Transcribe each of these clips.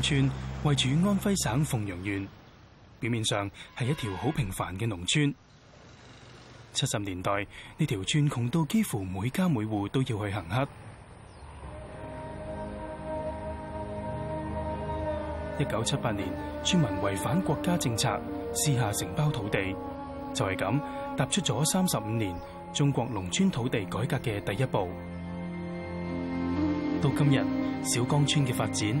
村位住安徽省鳳陽縣，表面上係一條好平凡嘅農村。七十年代呢條村窮到幾乎每家每戶都要去行乞。一九七八年，村民違反國家政策，私下承包土地就，就係咁踏出咗三十五年中國農村土地改革嘅第一步。到今日，小崗村嘅發展，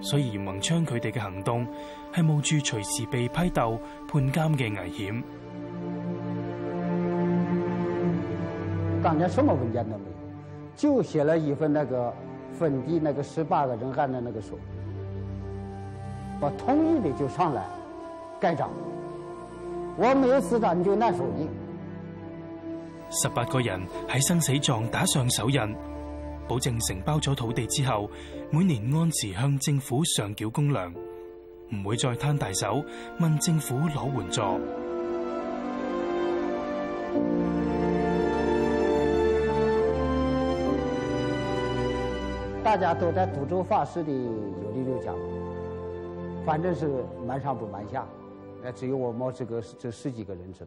所以嚴宏昌佢哋嘅行動係冒住隨時被批鬥判監嘅危險。當天什麼文件都沒有，就寫了一份那個分地那個十八個人按的那個書，我同意你就上來蓋章，我沒有私章你就按手印。十八個人喺生死狀打上手印。保證承包咗土地之後，每年按時向政府上繳公糧，唔會再攤大手問政府攞援助。大家都在賭咒發誓的有理有講，反正是瞞上不瞞下，誒，只有我們這個這十,十幾個人知。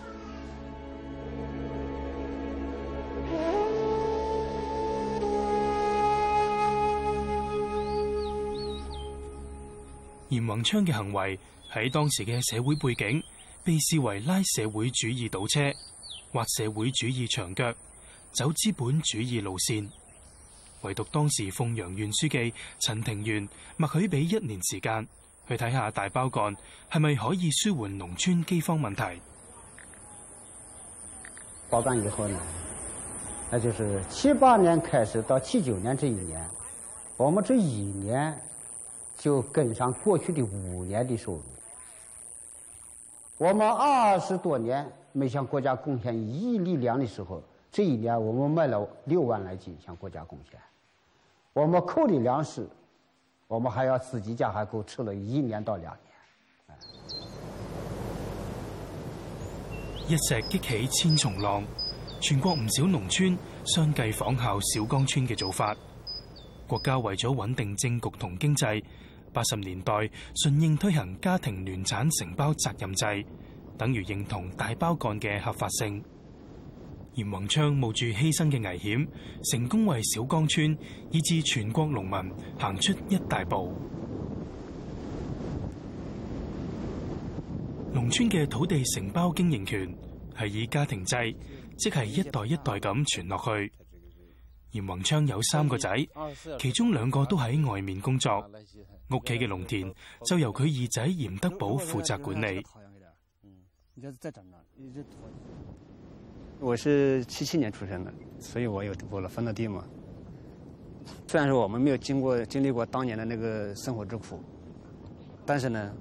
嚴宏昌嘅行為喺當時嘅社會背景被視為拉社會主義倒車，或社會主義長腳走資本主義路線。唯獨當時鳳陽縣委書記陳庭元默許俾一年時間去睇下大包乾係咪可以舒緩農村饑荒問題。包乾以後呢？那就是七八年開始到七九年這一年，我們這一年。就跟上過去的五年的收入。我們二十多年沒向國家貢獻一粒糧的時候，這一年我們賣了六萬來斤向國家貢獻。我們扣的糧食，我們還要自己家還夠吃了一年到兩年。一石激起千重浪，全國唔少農村相繼仿效小崗村嘅做法。國家為咗穩定政局同經濟。八十年代順應推行家庭聯產承包責任制，等於認同大包乾嘅合法性。嚴宏昌冒住犧牲嘅危險，成功為小崗村以至全國農民行出一大步。農村嘅土地承包經營權係以家庭制，即係一代一代咁傳落去。嚴宏昌有三個仔，其中兩個都喺外面工作，屋企嘅農田就由佢二仔嚴德寶負責管理。我是七七年出生的，所以我有我分到地嘛。雖然說我們沒有經過經歷過當年的那個生活之苦，但是呢，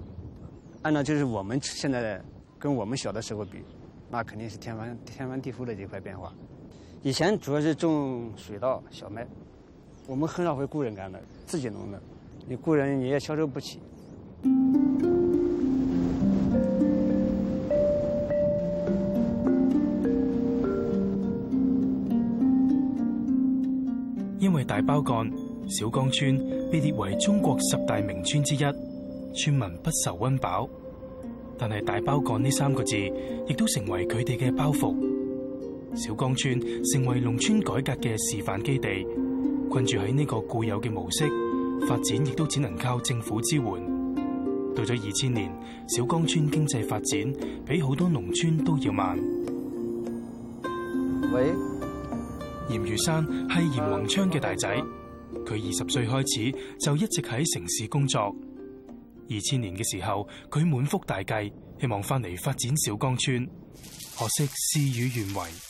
按照就是我們現在跟我們小的時候比，那肯定是天翻天翻地覆的這塊變化。以前主要是種水稻、小麥，我們很少會雇人幹的，自己農的。你雇人，你也銷售不起。因為大包幹，小崗村被列為中國十大名村之一，村民不愁溫飽，但係大包幹呢三個字，亦都成為佢哋嘅包袱。小崗村成為農村改革嘅示範基地，困住喺呢個固有嘅模式，發展亦都只能靠政府支援。到咗二千年，小崗村經濟發展比好多農村都要慢。喂，嚴余山係嚴宏昌嘅大仔，佢二十歲開始就一直喺城市工作。二千年嘅時候，佢滿腹大計，希望翻嚟發展小崗村，可惜事與願違。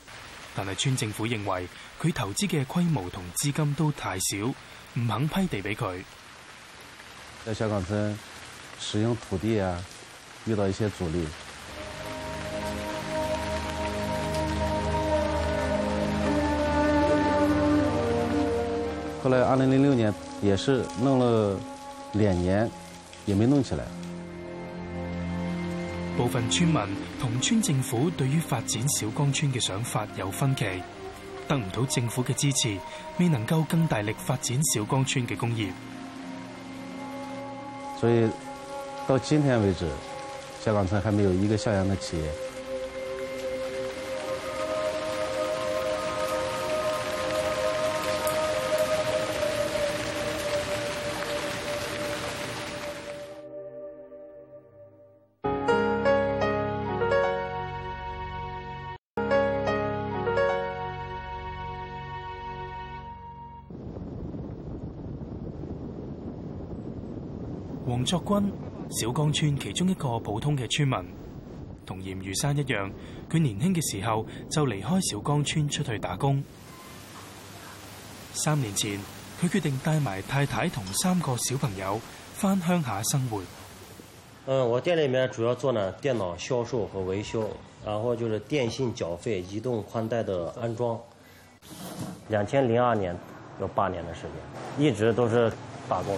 但係村政府認為佢投資嘅規模同資金都太少，唔肯批地俾佢。在小崗村使用土地啊，遇到一些阻力。後來二零零六年也是弄了兩年，也沒弄起來。部分村民同村政府對於發展小崗村嘅想法有分歧，得唔到政府嘅支持，未能夠更大力發展小崗村嘅工業。所以到今天為止，小崗村還沒有一個像樣嘅企業。作軍，小崗村其中一個普通嘅村民，同嚴余山一樣，佢年輕嘅時候就離開小崗村出去打工。三年前，佢決定帶埋太太同三個小朋友翻鄉下生活。嗯，我店裏面主要做呢電腦銷售和維修，然後就是電信繳費、移動寬帶的安裝。兩千零二年，有八年的時間，一直都是打工。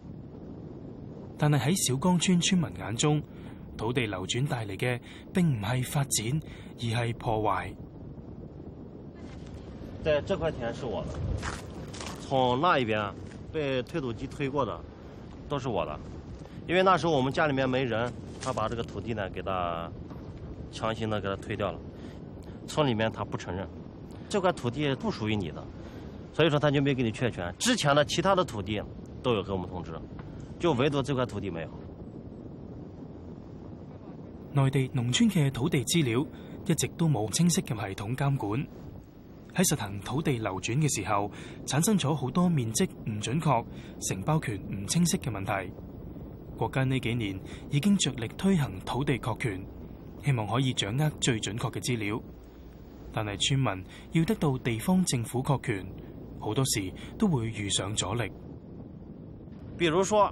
但係喺小崗村村民眼中，土地流轉帶嚟嘅並唔係發展，而係破壞。對，這塊田是我的，從那一邊被推土機推過的，都是我的。因為那時候我們家裏面沒人，他把這個土地呢，給他強行的給他推掉了。村裏面他不承認，這塊土地不屬於你的，所以說他就沒給你確權。之前呢，其他的土地都有給我們通知。租俾到這塊土地未？內地農村嘅土地資料一直都冇清晰嘅系統監管，喺實行土地流轉嘅時候，產生咗好多面積唔準確、承包權唔清晰嘅問題。國家呢幾年已經着力推行土地確權，希望可以掌握最準確嘅資料，但係村民要得到地方政府確權，好多時都會遇上阻力。比如說。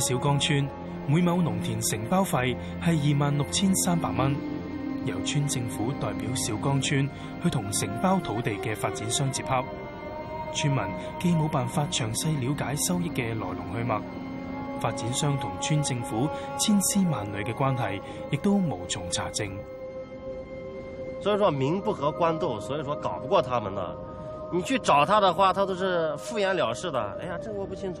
小崗村每畝農田承包費係二萬六千三百蚊，由村政府代表小崗村去同承包土地嘅發展商接洽。村民既冇辦法詳細了解收益嘅來龍去脈，發展商同村政府千絲萬縷嘅關係，亦都無從查證。所以說民不和官鬥，所以說搞不過他們啦。你去找他的話，他都是敷衍了事的。哎呀，真、這個，我不清楚。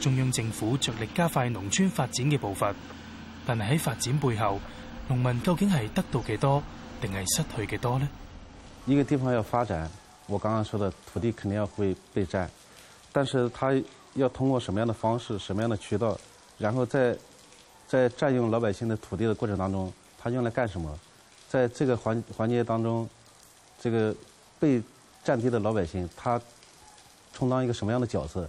中央政府着力加快農村發展嘅步伐，但係喺發展背後，農民究竟係得到幾多，定係失去幾多呢？一個地方要發展，我剛剛說的土地肯定要會被占，但是他要通過什麼樣的方式、什麼樣的渠道，然後在在占用老百姓的土地的過程當中，他用來幹什麼？在這個環環節當中，這個被占地的老百姓，他充當一個什麼樣的角色？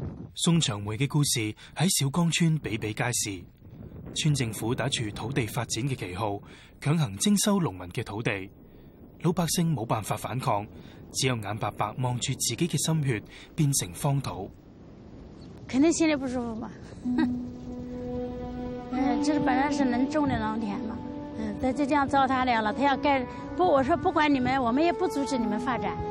宋長梅嘅故事喺小崗村比比皆是，村政府打住土地發展嘅旗號，強行徵收農民嘅土地，老百姓冇辦法反抗，只有眼白白望住自己嘅心血變成荒土。肯定心裏不舒服嘛，嗯、 呃，這是本來是能種的農田嘛，嗯、呃，但就這樣糟蹋了。他要蓋，不，我說不管你們，我們也不阻止你們發展。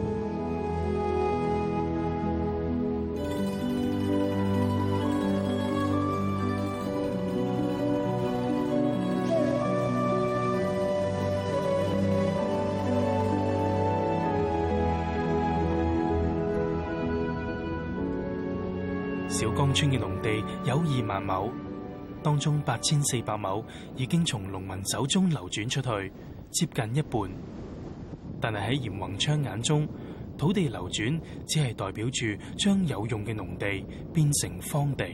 村嘅農地有二萬畝，當中八千四百畝已經從農民手中流轉出去，接近一半。但係喺嚴宏昌眼中，土地流轉只係代表住將有用嘅農地變成荒地。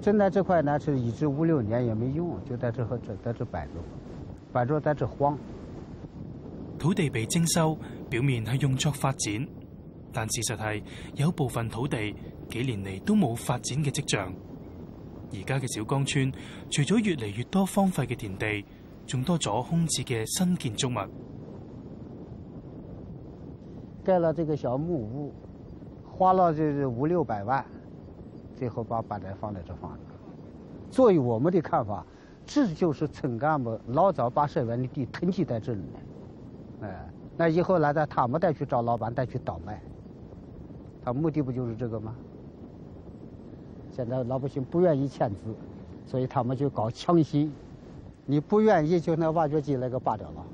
就在這塊呢，是一至五六年也沒有用，就在這和這在這擺擺着在這荒。土地被徵收，表面係用作發展。但事實係有部分土地幾年嚟都冇發展嘅跡象。而家嘅小崗村除咗越嚟越多荒廢嘅田地，仲多咗空置嘅新建築物。蓋了這個小木屋，花了這五六百萬，最後把板這放在這房裏。作為我們的看法，這就是村幹部老早把社員嘅地囤積在這裏。哎，那以後來，再他們再去找老闆，再去倒賣。他們目的不就是這個嗎？現在老百姓不願意簽字，所以他們就搞強行。你不願意，就拿挖掘機那個扒掉了。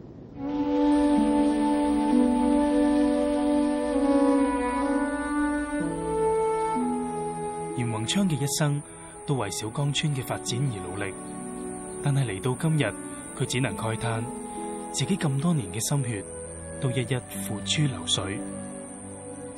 嚴宏昌嘅一生都為小崗村嘅發展而努力，但係嚟到今日，佢只能慨嘆自己咁多年嘅心血都一一付諸流水。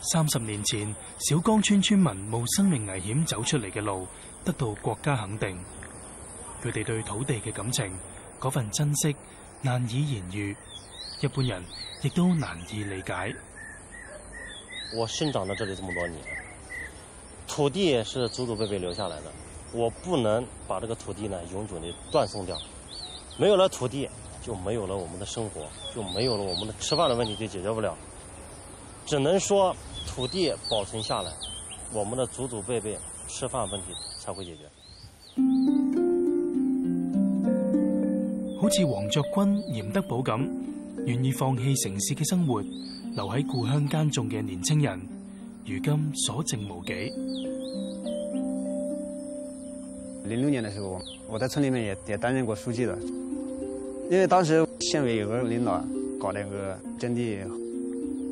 三十年前，小崗村村民冒生命危險走出嚟嘅路，得到國家肯定。佢哋對土地嘅感情，嗰份珍惜難以言喻，一般人亦都難以理解。我生長在這裏這麼多年，土地是祖祖輩輩留下來的，我不能把這個土地呢永久地斷送掉。沒有了土地，就沒有了我們的生活，就沒有了我們的吃飯的問題就解決不了。只能說土地保存下來，我們的祖祖輩輩吃飯問題才會解決。好似黃卓君、嚴德寶咁，願意放棄城市嘅生活，留喺故鄉耕種嘅年輕人，如今所剩無幾。零六年的時候，我我在村裏面也也擔任過書記的，因為當時縣委有個領導搞那個徵地。真的